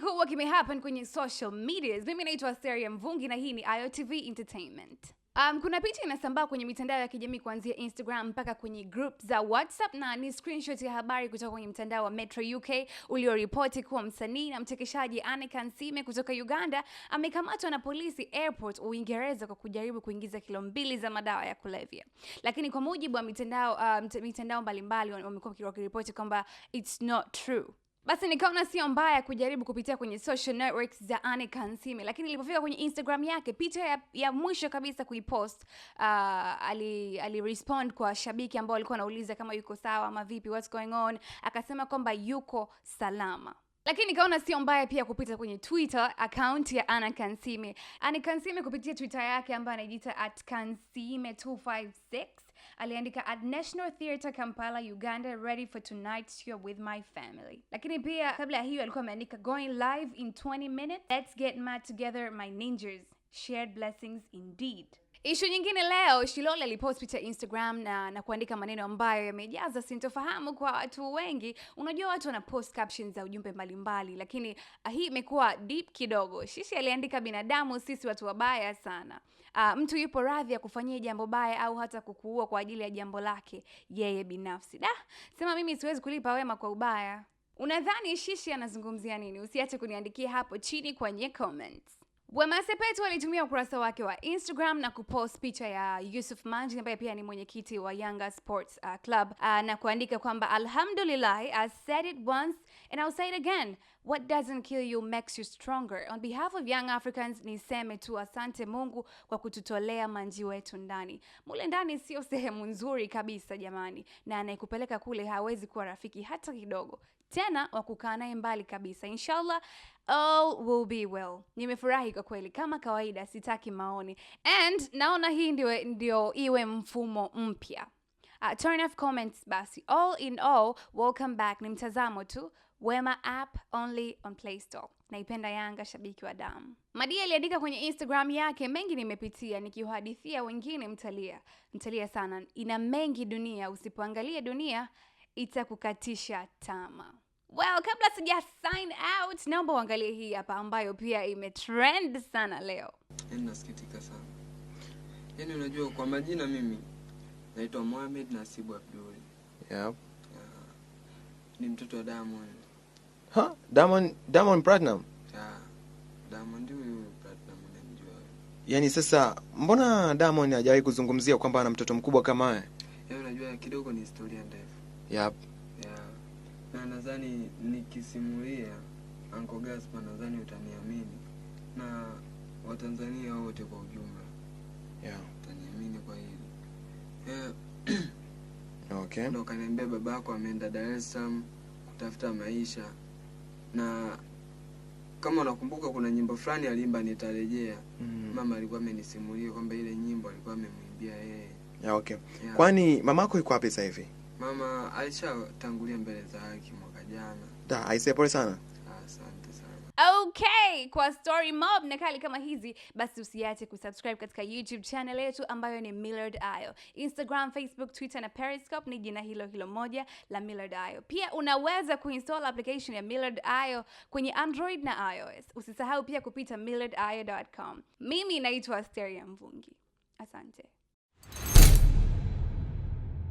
kikubwa kimehappen kwenye social medias. Mimi naitwa seria Mvungi na hii ni iotv Entertainment. Um, kuna picha inasambaa kwenye mitandao ya kijamii kuanzia Instagram mpaka kwenye group za WhatsApp na ni screenshot ya habari kutoka kwenye mtandao wa Metro UK ulioripoti kuwa msanii na mchekeshaji Anne Kansime kutoka Uganda amekamatwa na polisi airport Uingereza kwa kujaribu kuingiza kilo mbili za madawa ya kulevya. Lakini kwa mujibu wa mitandao uh, mitandao mbalimbali wamekuwa wakiripoti kwamba it's not true. Basi nikaona sio mbaya kujaribu kupitia kwenye social networks za Anne Kansiime, lakini ilipofika kwenye Instagram yake, picha ya, ya mwisho kabisa kuipost, uh, ali, ali respond kwa shabiki ambao alikuwa anauliza kama yuko sawa ama vipi, what's going on, akasema kwamba yuko salama lakini nikaona sio mbaya pia kupita kwenye Twitter account ya Anne Kansiime. Anne Kansiime kupitia Twitter yake ambayo anajiita at Kansiime 256 aliandika at National Theatre Kampala Uganda ready for tonight show with my family. Lakini pia kabla ya hiyo alikuwa ameandika going live in 20 minutes. Let's get mad together my ningers Shared blessings indeed. Ishu nyingine leo, Shilole alipost picha Instagram na, na kuandika maneno ambayo yamejaza sintofahamu kwa watu wengi. Unajua watu wana post captions za ujumbe mbalimbali, lakini ah, hii imekuwa deep kidogo. Shishi aliandika, binadamu sisi watu wabaya sana. Uh, mtu yupo radhi ya kufanyia jambo baya au hata kukuua kwa ajili ya jambo lake yeye binafsi. Da, sema mimi siwezi kulipa wema kwa ubaya. Unadhani Shishi anazungumzia nini? Usiache kuniandikia hapo chini kwenye comments. Wema Sepetu alitumia ukurasa wake wa Instagram na kupost picha ya Yusuf Manji ambaye pia ni mwenyekiti wa Yanga Sports uh, Club uh, na kuandika kwamba alhamdulillah I said it once and I'll say it again what doesn't kill you makes you stronger on behalf of young Africans niseme tu asante Mungu kwa kututolea Manji wetu ndani mule ndani sio sehemu nzuri kabisa jamani na anayekupeleka kule hawezi kuwa rafiki hata kidogo tena wa kukaa naye mbali kabisa inshallah All will be well. Nimefurahi kwa kweli, kama kawaida, sitaki maoni. And naona hii ndio, ndio iwe mfumo mpya. Uh, turn off comments basi. All in all, welcome back. Ni mtazamo tu. Wema app only on Play Store. Naipenda Yanga, shabiki wa damu. Madia aliandika kwenye Instagram yake, mengi nimepitia, nikiuhadithia wengine mtalia. Mtalia sana. Ina mengi dunia, usipoangalia dunia itakukatisha tama Well, kabla sija sign out, naomba uangalie hii hapa ambayo pia imetrend sana leo. Yaani nasikitika sana. Yaani unajua kwa majina mimi naitwa Mohamed Nasibu Abdul. Yep. Uh, ni mtoto wa damon Ha? damon Diamond Platinum? Yeah. Diamond huyu Platinum unamjua. Yaani sasa mbona damon hajawahi kuzungumzia kwamba ana mtoto mkubwa kama haya? Yaani unajua kidogo ni historia ndefu. Yep. Yeah na nadhani nikisimulia Uncle Gaspar, nadhani utaniamini na Watanzania wote kwa ujumla yeah. Utaniamini kwa hili yeah. Okay. Ndo kaniambia baba yako ameenda Dar es Salaam kutafuta maisha, na kama unakumbuka kuna nyimbo fulani aliimba nitarejea. mm -hmm. Mama alikuwa amenisimulia kwamba ile nyimbo alikuwa amemwimbia yeye yeah, okay. yeah. Kwani mamako yuko wapi sasa hivi? Mama alishatangulia mbele za haki mwaka jana. Da, aisee pole sana. sana. Okay, kwa Story Mob na kali kama hizi basi usiache kusubscribe katika YouTube channel yetu ambayo ni Millard Ayo. Instagram, Facebook, Twitter na Periscope ni jina hilo hilo moja la Millard Ayo. Pia unaweza kuinstall application ya Millard Ayo kwenye Android na iOS. Usisahau pia kupita millardayo.com. Mimi naitwa Asteria Mvungi. Asante.